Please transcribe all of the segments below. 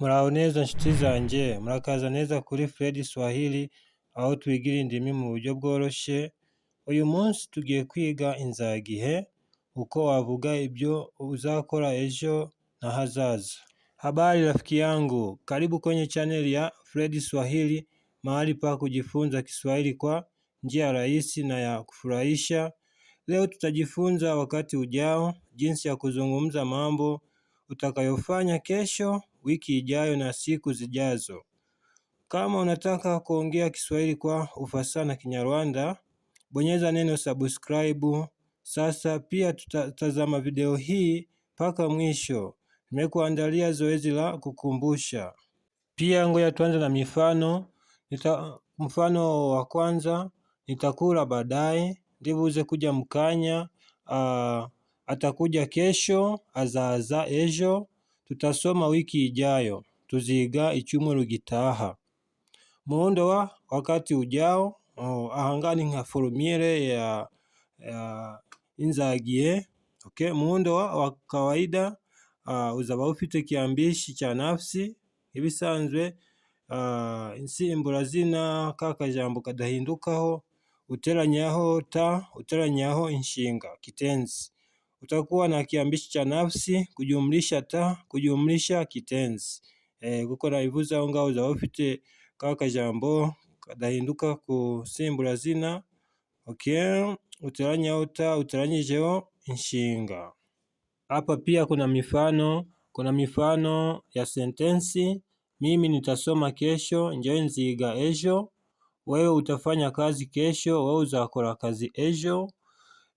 muraho nshuti zanjye murakaza neza kuri Fred Swahili aho twigira indimi mu buryo bworoshye uyu munsi tugiye kwiga inzagihe uko wavuga ibyo uzakora ejo na hazaza habari rafiki yangu karibu kwenye chaneli ya Fred Swahili mahali pa kujifunza Kiswahili kwa njia rahisi na ya kufurahisha leo tutajifunza wakati ujao jinsi ya kuzungumza mambo utakayofanya kesho wiki ijayo na siku zijazo. Kama unataka kuongea Kiswahili kwa ufasaha na Kinyarwanda, bonyeza neno subscribe sasa. Pia tutatazama video hii mpaka mwisho. Nimekuandalia zoezi la kukumbusha. Pia ngoja tuanze na mifano. Nita, mfano wa kwanza, nitakula baadaye, uze kuja mkanya. Uh, atakuja kesho, azaaza ejo, tutasoma wiki ijayo, tuziga icyumweru gitaha muwundi wa wakati ujao oh, ahangani nka formiere ya, ya inzagiye okay. Muundo wa, wa kawaida uh, uzaba ufite kiambishi cha nafsi ibisanzwe uh, zina k'akajambo kadahindukaho uteranyaho ta uteranyaho inshinga kitenzi utakuwa na kiambishi cha nafsi kujumlisha ta kujumlisha kitenzi e, kuko naivuza ho ngaho uzaba ufite ka kajambo kadahinduka ku zina okay uteranyaho uta uteranyijeho inshinga hapa pia kuna mifano kuna mifano ya sentensi mimi nitasoma kesho njyewe nziga ejo wewe utafanya kazi kesho wewe uzakora kazi ejo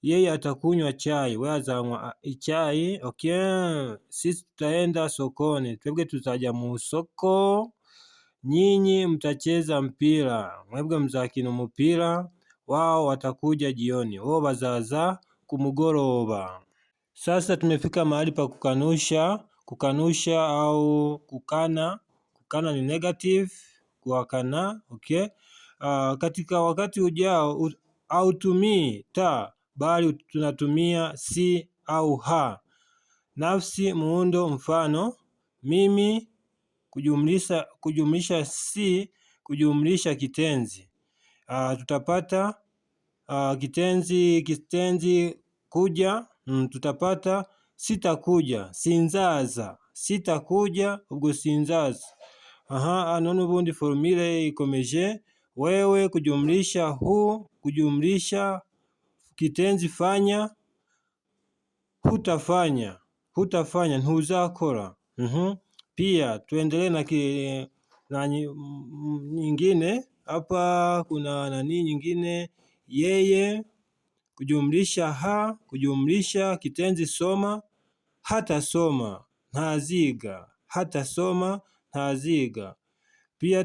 yeye atakunywa chai, wewe azanywa ah, chai. Okay, sisi tutaenda sokoni, twebwe tutaja mu soko, nyinyi mtacheza mpira, mwebwe mzakina mpira wao watakuja jioni, wao bazaza kumugoroba. Sasa tumefika mahali pa kukanusha. Kukanusha au kukana, kukana ni negative, kuwakana okay. Uh, katika wakati ujao hautumii ta bali tunatumia si au ha. Nafsi muundo mfano mimi kujumlisha kujumlisha si kujumlisha kitenzi. Uh, tutapata uh, kitenzi kitenzi kuja mm, tutapata sitakuja sinzaza sitakuja ubwo sinzaza aha anono bundi formule ikomeje wewe kujumlisha hu kujumlisha kitenzi fanya, hutafanya, hutafanya huzakora. Uhum. Pia tuendelee na, ki, na nyingine hapa. Kuna nani nyingine? Yeye kujumlisha ha kujumlisha kitenzi soma, hatasoma ntaziga, hatasoma ntaziga. Pia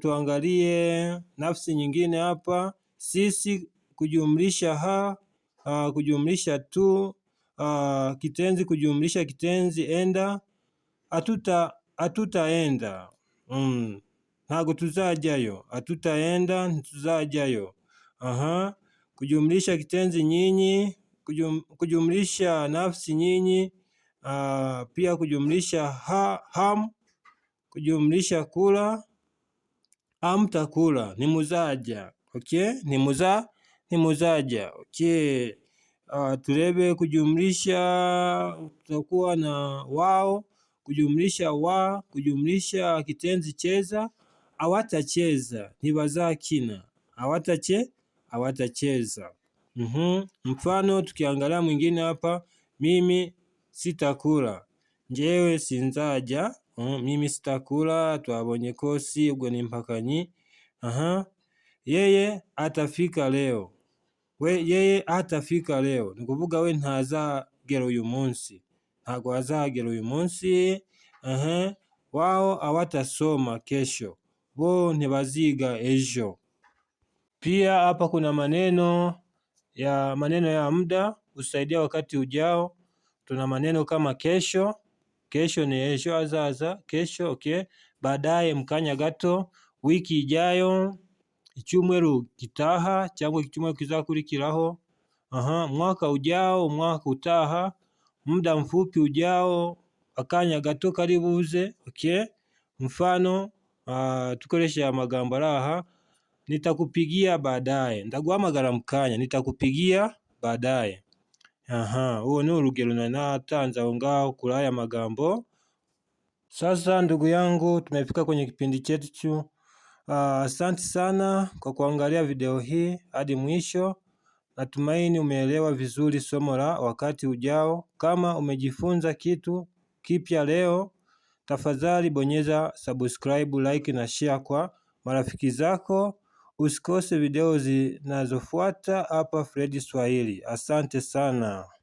tuangalie nafsi nyingine hapa, sisi kujumlisha ha, uh, kujumlisha tu, uh, kitenzi kujumlisha kitenzi enda, hatuta hatutaenda mm. ntago tuzajayo, hatutaenda ntituzajyayo. Aha, kujumlisha kitenzi nyinyi, kujum, kujumlisha nafsi nyinyi, uh, pia kujumlisha ha, ham, kujumlisha kula, amtakula ni muzaja. Okay, ni muza ni mozaja. Je, uh, ah, turebe kujumlisha tutakuwa na wao kujumlisha wa kujumlisha kitenzi cheza awatacheza ni kina awatache awatacheza. mm-hmm. Mfano tukiangalia mwingine hapa, mimi sitakula, njewe sinzaja. mm, mimi sitakula twabonye kosi ugo ni mpakanyi. Aha, yeye atafika leo we yeye atafika leo, ni kuvuga we ntazagera uyu munsi, ntago azagera uyu munsi. -huh. wao awatasoma kesho, bo ntibaziga ejo. Pia hapa kuna maneno ya maneno ya muda usaidia wakati ujao. Tuna maneno kama kesho, kesho ni ejo azaza kesho okay, baadaye, mkanya gato, wiki ijayo icyumweru gitaha cyangwa icyumweru kizakurikiraho, aha mwaka ujyaho, umwaka utaha, muda mfupi ujyaho, akanya gato kari buze, okay? Mfano uh, ah, tukoreshe amagambo ari aha, nitakupigia baadaye, ndaguhamagara mu nitakupigia baadaye. Aha, huo ni urugero na natanze aho ngaho kuri magambo. Sasa ndugu yangu, tumefika kwenye kipindi chetu Asante sana kwa kuangalia video hii hadi mwisho. Natumaini umeelewa vizuri somo la wakati ujao. Kama umejifunza kitu kipya leo, tafadhali bonyeza subscribe, like na share kwa marafiki zako. Usikose video zinazofuata hapa Fred Swahili. Asante sana.